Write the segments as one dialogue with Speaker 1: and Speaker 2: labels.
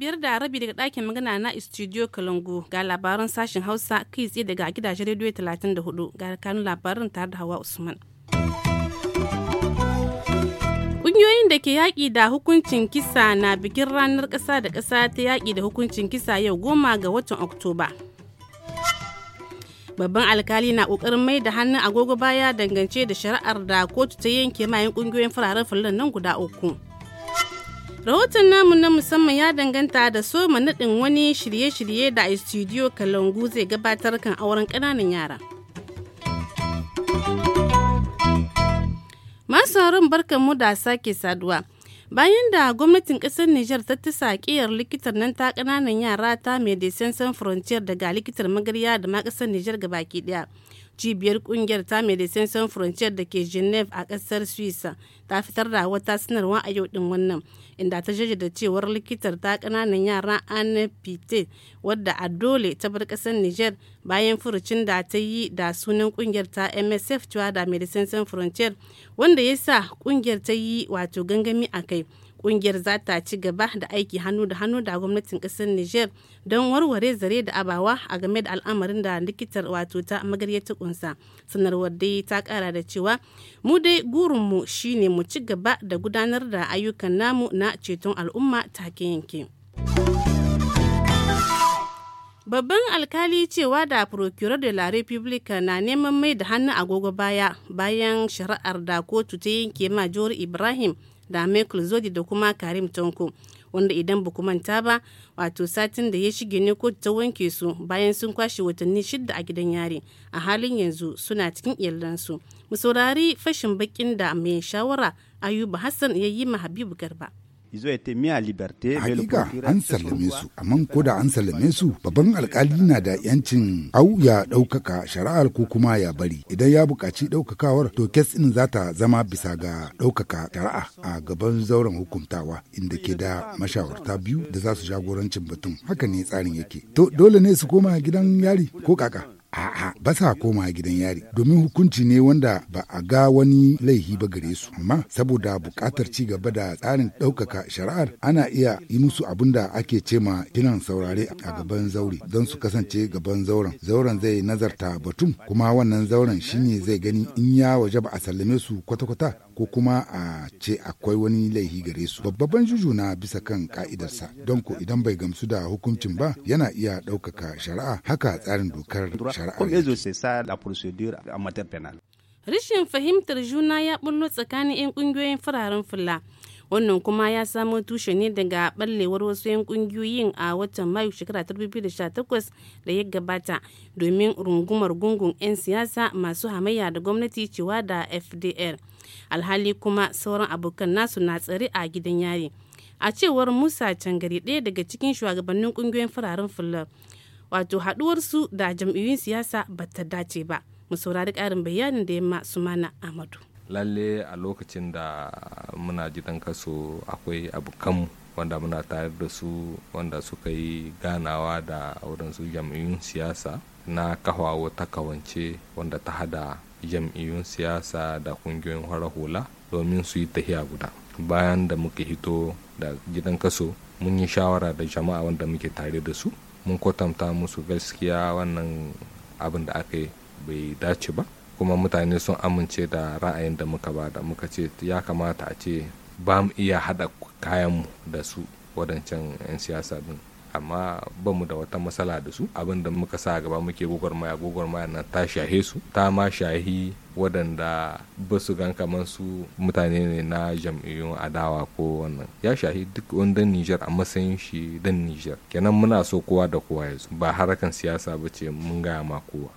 Speaker 1: biyar da rabi daga ɗakin magana na studio Kalangu ga labaran sashen Hausa kai tsaye daga gidajen rediyo 34 ga kanun labarin tare da Hawa Usman. Ƙungiyoyin da ke yaƙi da hukuncin kisa na bikin ranar ƙasa da ƙasa ta yaƙi da hukuncin kisa yau goma ga watan Oktoba. babban alkali na kokarin mai da hannun agogo baya dangance da shari'ar da kotu ta yanke mayan kungiyoyin fararen fulan nan guda uku rahoton namu na musamman ya danganta da soma naɗin wani shirye-shirye da a studio kalangu zai gabatar kan auren ƙananan yara masu barkan mu da sake saduwa bayan da gwamnatin kasar nijar ta tisa kiyar likitar nan ta kananan yara ta medecines sans frontier daga likitar magarya da ma kasar niger baki daya cibiyar kungiyar ta medecin san frontier da ke geneve a kasar suisa ta fitar da wata sanarwa a yau din wannan inda ta da cewar likitar ta kananan yara anne pite wadda a dole ta bar kasar niger bayan furucin da ta yi da sunan kungiyar ta msf cewa da medecin san frontier wanda ya sa kungiyar ta yi wato gangami a kai kungiyar za ta ci gaba da aiki hannu da hannu da gwamnatin kasar niger don warware zare da abawa a game da al'amarin da likitar wato ta magarya ta kunsa sanarwar dai ta kara da cewa mu dai gurinmu shine mu ci gaba da gudanar da ayyukan namu na ceton al'umma take yanke. babban alkali cewa da procureur de la na neman mai da hannu agogo baya bayan shari'ar da kotu ta yanke ma jihar ibrahim da Michael Zodi da kuma Karim Tonko wanda idan ba ku manta ba wato satin da ya shige ne kotu ta wanke su bayan sun kwashe watanni shidda a gidan yari a halin yanzu suna cikin iyalansu mu saurari fashin bakin da mai shawara Ayuba Hassan ya yi ma Habibu Garba.
Speaker 2: Hakika an sallame su, amma ko da an sallame su babban alkali na da yancin au ya ɗaukaka shari'ar ko kuma ya bari. Idan ya buƙaci ɗaukakawar to kes ɗin za ta zama bisa ga ɗaukaka shari'a a gaban zauren hukuntawa inda ke da mashawarta biyu da za su jagorancin batun. Haka ne tsarin yake. To dole ne su koma gidan yari ko kaka. A'a, ba sa koma gidan yari domin hukunci ne wanda ba a ga wani laihi ba gare su, amma saboda buƙatar ci gaba da tsarin ɗaukaka shari'ar ana iya yi musu abin da ake ma kiran saurare a gaban zaure don su kasance gaban zauren. Zauren zai nazarta batun kuma wannan zauren shine zai gani in ya waje ba a sallame su kwata-kwata ko kuma a ce akwai wani laihi gare su. Babban jujuna na bisa kan ka'idarsa don ko idan bai gamsu da hukuncin ba yana iya ɗaukaka shari'a haka tsarin dokar shari'a
Speaker 1: rashin fahimtar juna ya bullo tsakanin 'yan kungiyoyin fararen fula wannan kuma ya samo tushe ne daga ballewar wasu 'yan kungiyoyin a watan mayu shekara 2018 da ya gabata domin rungumar gungun 'yan siyasa masu hamayya da gwamnati cewa da fdr alhali kuma sauran abokan nasu na tsari a gidan yari a cewar musa cangari ɗaya daga cikin shugabannin kungiyoyin fararen fular wato su da jam'iyyun siyasa ba ta dace ba mu saurari ƙarin bayanin da yamma sumana amadu
Speaker 3: lalle a lokacin da muna gidan kaso akwai abokanmu wanda muna tare da su wanda suka yi ganawa da wadansu jam'iyyun siyasa na kafa wata kawance wanda ta hada jam'iyyun siyasa da kungiyoyin farar hula domin su yi tahiya guda bayan da muka hito da gidan kaso mun yi shawara da jama'a wanda muke tare da su mun kwatanta musu gaskiya wannan abin da aka yi bai dace ba kuma mutane sun amince da ra'ayin da muka ba da muka ce ya kamata a ce ba mu iya haɗa kayanmu da su wadancan 'yan siyasa din amma ba mu da wata matsala da su abin da muka sa gaba muke gwagwarmaya gwagwarmaya nan ta shahe su ta ma shahi waɗanda ba su gan kamar su mutane ne na jam'iyyun adawa ko wannan ya shahi duk wanda Nijar a matsayin shi dan Nijar kenan muna so kowa da kowa yanzu ba harakan siyasa ba ce mun gaya ma kowa.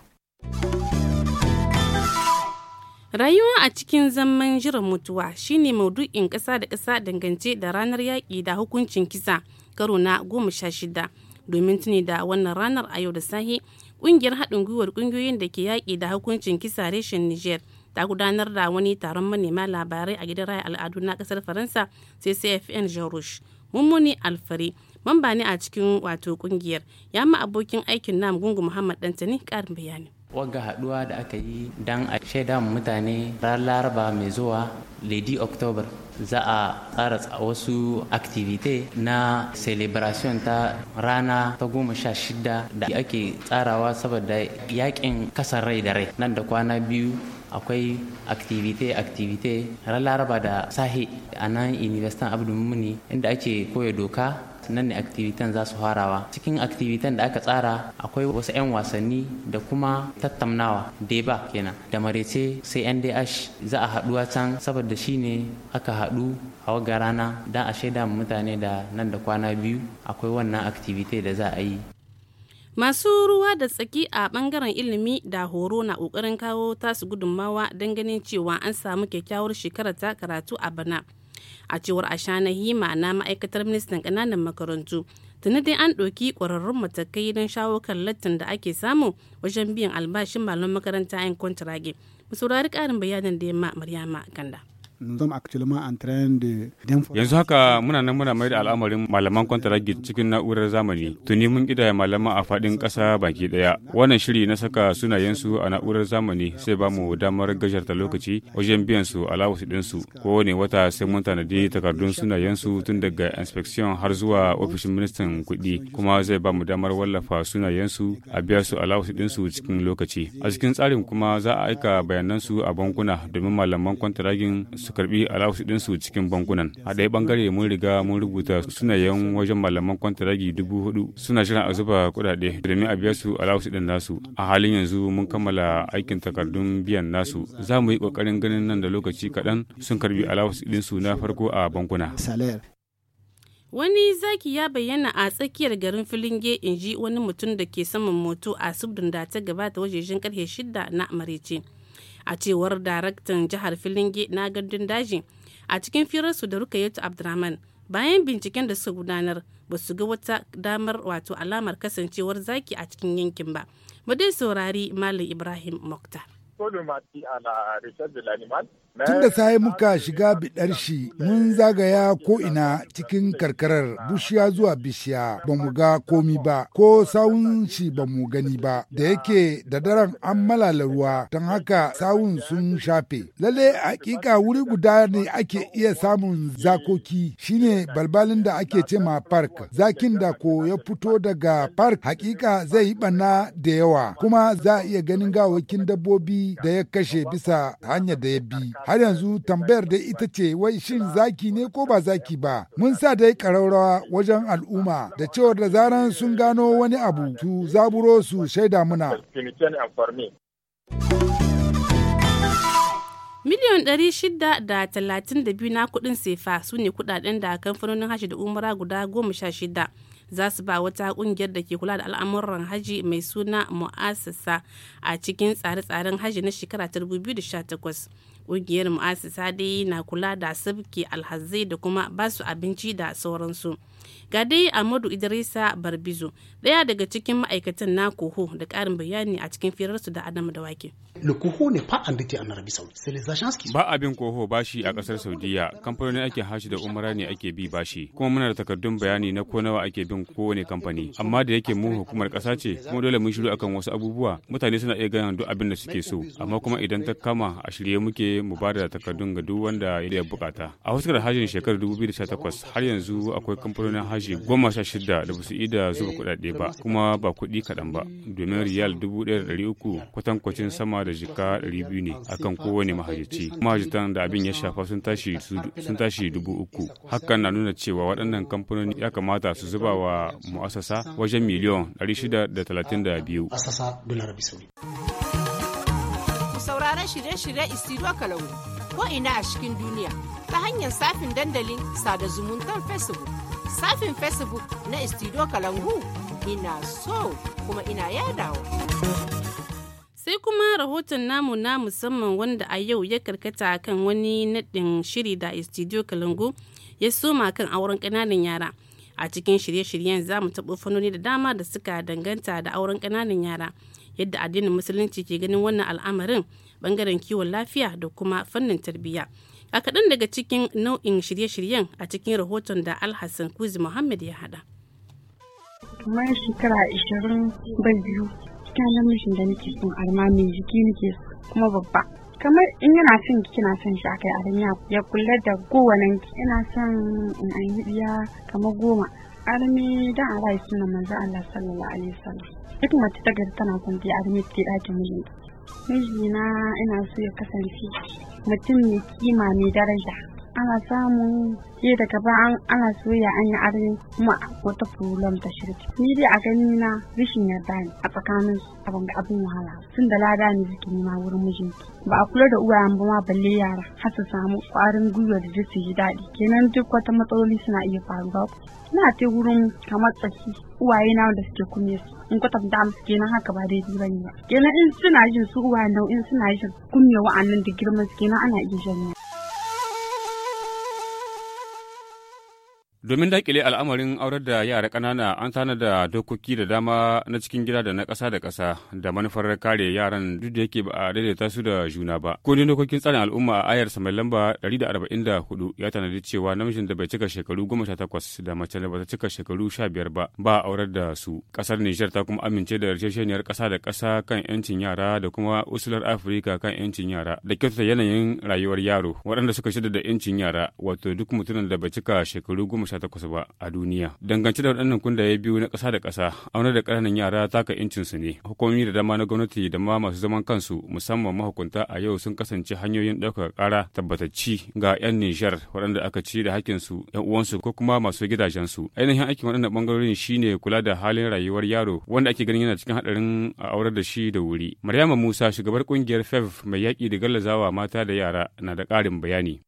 Speaker 1: Rayuwa a cikin zaman jiran mutuwa shine maudu'in ƙasa da ƙasa dangance da ranar yaƙi da hukuncin kisa karo na goma sha shida. Domin tuni da wannan ranar a yau da sahi, ƙungiyar haɗin gwiwar ƙungiyoyin da ke yaƙi da hukuncin kisa reshen Niger ta gudanar da wani taron manema labarai a gidan raya al'adu na ƙasar Faransa sai CFN Jean Rouge. Mummuni Alfari, mamba ne a cikin wato ƙungiyar, ya ma abokin aikin nam Gungu Muhammad Dantani ƙarin bayani.
Speaker 4: wagga haduwa da aka yi don a shaida mutane ran laraba mai zuwa lady october za a tsara wasu activity na celebration ta rana ta goma sha shida da ake tsarawa saboda yakin kasar rai da rai nan da kwana biyu akwai activity activity ran laraba da sahi a nan universitan abdulmuni inda ake koya doka nan ne aktivitan za su farawa cikin aktivitan da aka tsara akwai wasu 'yan wasanni da kuma tattaunawa deba kenan da marece sai yan ndh za a haɗuwa can saboda shi ne aka haɗu a waga rana don a shaida mutane da nan da kwana biyu akwai wannan activity da za a
Speaker 3: yi
Speaker 1: masu ruwa da tsaki a bangaren ilimi da horo na kokarin kawo tasu gudunmawa don ganin cewa an samu kyakkyawar shekarar ta karatu a bana a cewar ashana hima na ma'aikatar ministan kananan makarantu tuni dai an ɗauki ƙwararrun matakai don shawo kan lattin da ake samu wajen biyan albashin malaman makaranta 'yan kwantarage mu saurari ƙarin bayanin da yamma maryama kanda
Speaker 4: yanzu haka muna nan muna mai da al'amarin malaman kwantaragi cikin na'urar zamani tuni mun gidaya malama a faɗin ƙasa baki ɗaya wannan shiri na saka sunayensu a na'urar zamani sai ba mu damar gajarta lokaci wajen biyan su su ɗinsu kowane wata sai mun tanadi takardun sunayensu tun daga inspection har zuwa ofishin ministan kuɗi kuma zai ba mu damar wallafa sunayensu a biya su din su cikin lokaci a cikin tsarin kuma za a aika bayanansu a bankuna domin malaman kwantaragin su karbi alawus su cikin bankunan a ɗaya bangare mun riga mun rubuta sunayen wajen malaman kwantaragi dubu hudu suna shirin a zuba kuɗaɗe domin a biya su alawus ɗin nasu a halin yanzu mun kammala aikin takardun biyan nasu za mu yi ƙoƙarin ganin nan da lokaci kaɗan sun karbi alawus su na farko a bankuna
Speaker 1: wani zaki ya bayyana a tsakiyar garin filinge inji wani mutum da ke saman moto a subdun da ta gabata wajejen karfe shida na marece a cewar daraktan jihar filinge na gandun daji a cikin firarsu da rukayetu abdurrahman bayan binciken da suka gudanar ba su ga wata damar wato alamar kasancewar zaki a cikin yankin ba mu dai saurari malam ibrahim mokta
Speaker 2: Tun da sai muka shiga biɗar shi mun zagaya ko'ina cikin karkarar bishiya zuwa bishiya ba mu ga komi ba ko sawun shi ba mu gani ba da yake da daren an malala ruwa don haka sawun sun shafe. Lalle hakika wuri guda ne ake iya samun zakoki shine balbalin da ake ce ma park. Zakin da ko ya fito daga park hakika zai yi bana da yawa kuma za a iya ganin gawakin dabbobi da ya kashe bisa hanya da ya bi. har yanzu tambayar da ita ce wai shin zaki ne ko ba zaki ba mun sa dai ƙararrawa wajen al'umma da cewar da zaran sun gano wani abu su zaburo su shaida muna.
Speaker 1: Miliyon 632 na kuɗin sefa su ne kuɗaɗen da kamfanonin hashe da umara guda goma sha shida za su ba wata ƙungiyar da ke kula da al'amuran haji mai suna mu'asasa a cikin tsare-tsaren haji na shekara 2018. ƙungiyar mu'asisa dai na kula da sabke alhazai da kuma basu abinci da sauransu ga dai amadu idrisa barbizo daya daga cikin ma'aikatan na kuhu da karin bayani a cikin firarsu da adamu da wake
Speaker 4: Ba abin koho bashi a kasar Saudiya, kamfanoni ake hashi da umara ne ake bi bashi. Kuma muna da takardun bayani na ko nawa ake bin kowane kamfani. Amma da yake mu hukumar kasa ce, kuma dole mun shiru akan wasu abubuwa. Mutane suna iya ganin duk abin da suke so, amma kuma idan ta kama a shirye muke mu ba da takardun ga duk wanda ya bukata a fuskar hajjin shekarar 2018 har yanzu akwai kamfanonin haji goma sha shida da basu ida zuba kuɗaɗe ba kuma ba kuɗi kaɗan ba domin riyal uku kwatankwacin sama da jika biyu ne akan kowane mahajjaci mahajjatan da abin ya shafa sun tashi sun tashi dubu uku hakan na nuna cewa waɗannan kamfanoni ya kamata su zuba wa mu'asasa wajen miliyan biyu.
Speaker 1: sauran shirye-shirye isiro kalangu ko ina a cikin duniya ta hanyar safin dandalin sada zumuntar facebook safin facebook na isiro kalangu ina so kuma ina yadawa sai kuma rahoton namu na musamman wanda a yau ya karkata kan wani naɗin shiri da istidiyo kalangu ya soma kan auren ƙananan yara a cikin shirye-shiryen za mu taɓo fannoni da dama da suka danganta da auren ƙananan yara yadda addinin musulunci ke ganin wannan al'amarin bangaren kiwon lafiya da kuma fannin tarbiyya a kaɗan daga cikin nau'in shirye-shiryen a cikin rahoton da alhassan kuzi muhammad ya haɗa. kamar shekara ashirin bai biyu cikin lamishin da nake son arma mai jiki nake kuma babba kamar in yana son ki kina son shi akai a duniya ya kula da kowannen ki ina son in an yi biya kamar goma armi dan a ya suna manzo Allah sallallahu alaihi wasallam duk mace ta gari tana son ta armi ta ɗakin mijinta mijina ina so ya kasance mutum mai kima mai daraja ana samun ke da an ana soya an yi arin kuma wata problem ta shirki ni dai a gani na rishin yarda ne a tsakanin abin da abin wahala tun da lada ne suke nema wurin mijinki ba a kula da uwayen ba ma balle yara har su samu kwarin gwiwa da su ji daɗi kenan duk wata matsaloli suna iya faruwa ina ta wurin kamar tsaki uwaye na wanda suke kunye su in kwatanta musu kenan haka ba daidai bane ba kenan in suna jin su uwa in suna jin kunya wa'annan da girman su kenan ana iya janye
Speaker 4: Domin dakile al'amarin aurar da yara ƙanana an tana da dokoki da dama na cikin gida da na kasa da kasa da manufar kare yaran duk da yake ba a daidaita su da juna ba. Kundin dokokin tsarin al'umma a ayar mai lamba 144 ya tanadi cewa namijin da bai cika shekaru 18 da mace da bata cika shekaru 15 ba ba aurar da su. kasar Nijar ta kuma amince da yarjejeniyar ƙasa da kasa kan 'yancin yara da kuma usular Afirka kan 'yancin yara da kyautata yanayin rayuwar yaro waɗanda suka shida da 'yancin yara wato duk mutumin da bai cika shekaru 18 takwas ba a duniya. Dangance da waɗannan kundaye biyu na ƙasa da ƙasa, auna da ƙananan yara taka su ne. Hukumomi da dama na gwamnati da ma masu zaman kansu musamman mahukunta a yau sun kasance hanyoyin ɗaukar ƙara tabbatacci ga 'yan Nijar waɗanda aka ci da hakkinsu, 'yan uwansu ko kuma masu gidajensu. Ainihin aikin waɗannan ɓangarorin shine kula da halin rayuwar yaro wanda ake ganin yana cikin haɗarin a aurar da shi da wuri. Maryama Musa shugabar ƙungiyar FEV mai yaƙi da gallazawa mata da yara na da ƙarin bayani.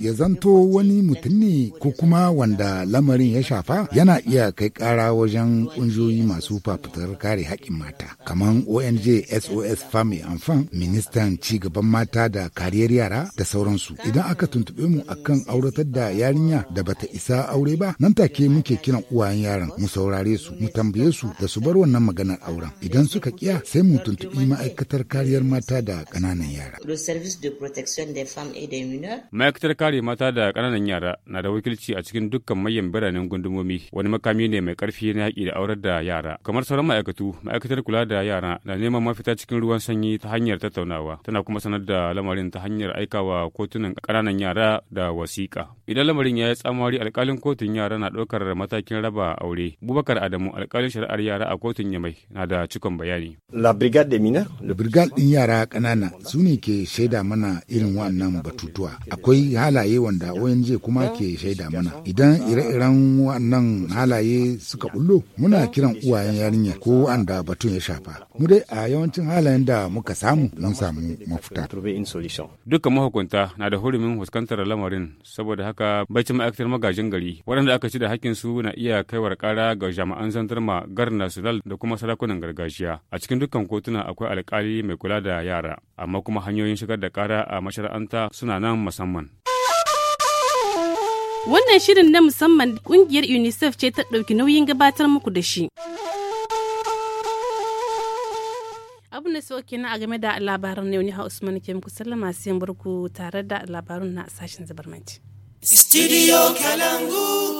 Speaker 2: Ya zanto wani mutum ne ko kuma wanda lamarin ya shafa yana iya kai kara wajen ƙungiyoyi masu fafutar kare haƙƙin mata kamar ong sos fami amfan ministan cigaban mata da kariyar yara da sauransu idan aka tuntube mu akan auratar da yarinya da bata isa aure ba nan take muke kiran uwayen yaran mu saurare su mu tambaye su da su bar wannan maganar auren idan suka kiya sai mu tuntuɓi ma'aikatar kariyar mata da ƙananan yara
Speaker 4: ma'aikatar kare mata da ƙananan yara na da wakilci a cikin dukkan manyan biranen gundumomi wani makami ne mai karfi na yaƙi da aurar da yara kamar sauran ma'aikatu ma'aikatar kula da yara na neman mafita cikin ruwan sanyi ta hanyar tattaunawa tana kuma sanar da lamarin ta hanyar aikawa kotunan ƙananan yara da wasiƙa idan lamarin ya yi tsamari alƙalin kotun yara na ɗaukar matakin raba aure bubakar adamu alƙalin shari'ar yara a kotun yamai na da cikon bayani la brigade mina
Speaker 2: la brigade ɗin yara ƙanana su ne ke shaida mana irin wannan batutuwa akwai halaye wanda ONG kuma ke shaida mana idan ire-iren wannan halaye suka bullo muna kiran uwayen yarinya ko wanda batun ya shafa mu dai a yawancin halayen da muka samu
Speaker 3: mun samu mafuta
Speaker 4: dukkan mahukunta na da hurumin fuskantar lamarin saboda haka bacin ma'aikatar magajin gari waɗanda aka ci da hakkin su na iya kaiwar kara ga jami'an zandarma gar national da kuma sarakunan gargajiya a cikin dukkan kotuna akwai alkali mai kula da yara amma kuma hanyoyin shigar da kara a mashara'anta suna nan musamman
Speaker 1: Wannan shirin na musamman kungiyar UNICEF ce ta ɗauki nauyin gabatar muku da shi. Abin da sauke na a game da labaran ne wani Usman ke muku sallama sai barku tare da labarun na sashen zabarmanci.
Speaker 4: Studio
Speaker 1: Kalangu.